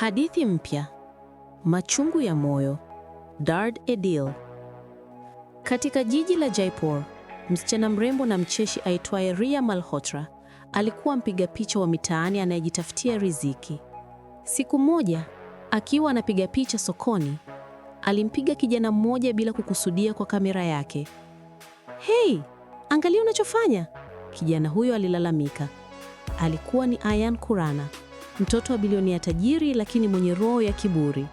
Hadithi mpya: machungu ya moyo, Dard edil Katika jiji la Jaipur, msichana mrembo na mcheshi aitwaye Riya Malhotra alikuwa mpiga picha wa mitaani anayejitafutia riziki. Siku moja, akiwa anapiga picha sokoni, alimpiga kijana mmoja bila kukusudia kwa kamera yake. Hei, angalia unachofanya, kijana huyo alilalamika. Alikuwa ni Ayan Kurana, mtoto wa bilionea tajiri lakini mwenye roho ya kiburi.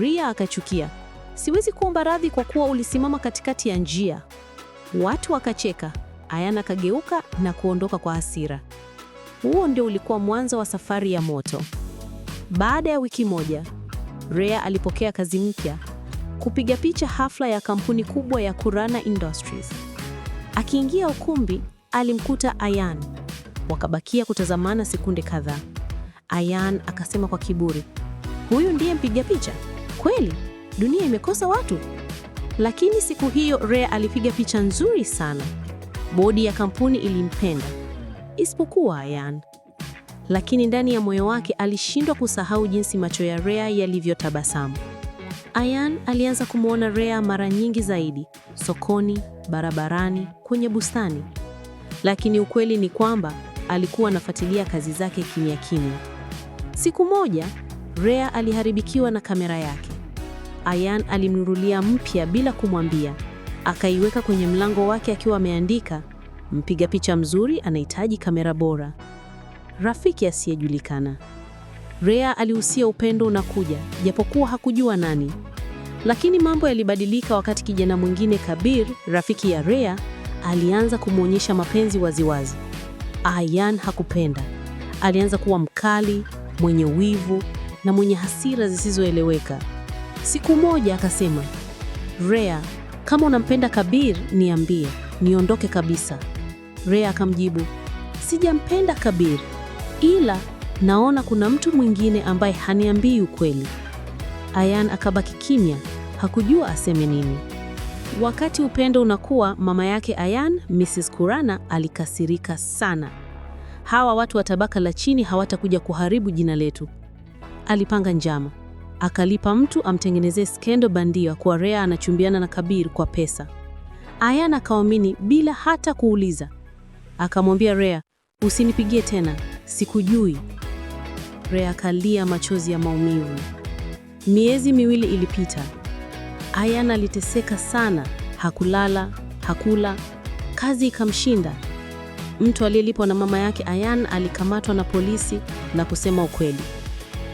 Ria akachukia, siwezi kuomba radhi kwa kuwa ulisimama katikati ya njia. Watu wakacheka. Ayana akageuka na kuondoka kwa hasira. Huo ndio ulikuwa mwanzo wa safari ya moto. Baada ya wiki moja, Rea alipokea kazi mpya, kupiga picha hafla ya kampuni kubwa ya Kurana Industries. Akiingia ukumbi, alimkuta Ayan. Wakabakia kutazamana sekunde kadhaa. Ayan akasema kwa kiburi, huyu ndiye mpiga picha kweli? Dunia imekosa watu. Lakini siku hiyo Rea alipiga picha nzuri sana, bodi ya kampuni ilimpenda, isipokuwa Ayan. Lakini ndani ya moyo wake alishindwa kusahau jinsi macho ya Rea yalivyotabasamu. Ayan alianza kumwona Rea mara nyingi zaidi, sokoni, barabarani, kwenye bustani. Lakini ukweli ni kwamba alikuwa anafuatilia kazi zake kimya kimya. Siku moja Rhea aliharibikiwa na kamera yake. Ayan alimnunulia mpya bila kumwambia, akaiweka kwenye mlango wake akiwa ameandika, mpiga picha mzuri anahitaji kamera bora. Rafiki asiyejulikana. Rhea alihusia upendo unakuja, japokuwa hakujua nani. Lakini mambo yalibadilika wakati kijana mwingine Kabir, rafiki ya Rhea, alianza kumwonyesha mapenzi waziwazi. Ayan hakupenda. Alianza kuwa mkali, mwenye wivu na mwenye hasira zisizoeleweka. Siku moja akasema, Rea, kama unampenda Kabir niambie, niondoke kabisa. Rea akamjibu, sijampenda Kabir, ila naona kuna mtu mwingine ambaye haniambii ukweli. Ayan akabaki kimya, hakujua aseme nini. Wakati upendo unakuwa, mama yake Ayan, Mrs Kurana, alikasirika sana hawa watu wa tabaka la chini hawatakuja kuharibu jina letu. Alipanga njama, akalipa mtu amtengenezee skendo bandia kuwa Rea anachumbiana na Kabir kwa pesa. Ayana akaamini bila hata kuuliza, akamwambia Rea, usinipigie tena, sikujui. Rea akalia machozi ya maumivu. Miezi miwili ilipita. Ayana aliteseka sana, hakulala, hakula, kazi ikamshinda. Mtu aliyelipwa na mama yake Ayan alikamatwa na polisi na kusema ukweli.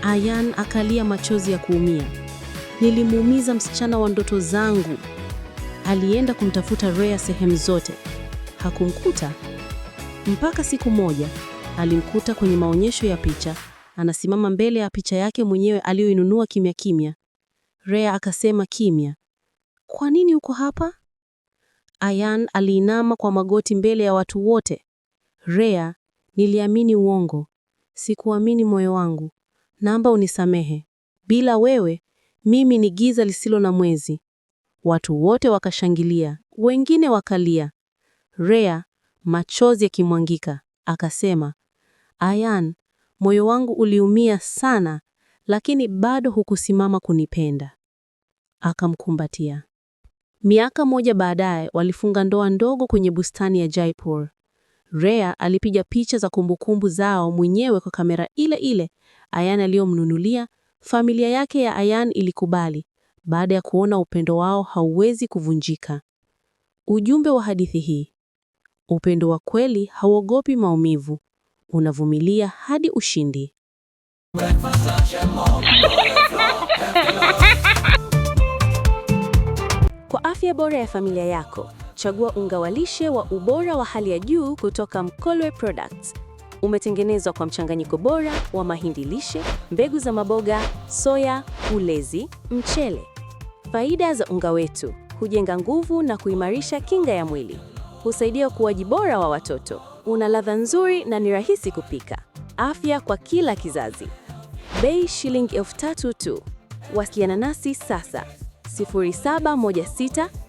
Ayan akalia machozi ya kuumia. Nilimuumiza msichana wa ndoto zangu. Alienda kumtafuta Rea sehemu zote, hakumkuta mpaka siku moja alimkuta kwenye maonyesho ya picha, anasimama mbele ya picha yake mwenyewe aliyoinunua kimya kimya. Rea akasema kimya, kwa nini uko hapa? Ayan aliinama kwa magoti mbele ya watu wote, Rea, niliamini uongo, sikuamini moyo wangu, naomba unisamehe. Bila wewe mimi ni giza lisilo na mwezi. Watu wote wakashangilia, wengine wakalia. Rea, machozi yakimwangika, akasema, Ayan, moyo wangu uliumia sana, lakini bado hukusimama kunipenda. Akamkumbatia. Miaka moja baadaye walifunga ndoa ndogo kwenye bustani ya Jaipur. Rhea alipiga picha za kumbukumbu zao mwenyewe kwa kamera ile ile Ayan aliyomnunulia. Familia yake ya Ayan ilikubali baada ya kuona upendo wao hauwezi kuvunjika. Ujumbe wa hadithi hii: upendo wa kweli hauogopi maumivu, unavumilia hadi ushindi. Kwa afya bora ya familia yako kuchagua unga wa lishe wa ubora wa hali ya juu kutoka Mkolwe Products. Umetengenezwa kwa mchanganyiko bora wa mahindi lishe, mbegu za maboga, soya, ulezi, mchele. Faida za unga wetu: hujenga nguvu na kuimarisha kinga ya mwili, husaidia ukuaji bora wa watoto, una ladha nzuri na ni rahisi kupika, afya kwa kila kizazi. Bei shilingi elfu tatu tu. Wasiliana nasi sasa 0716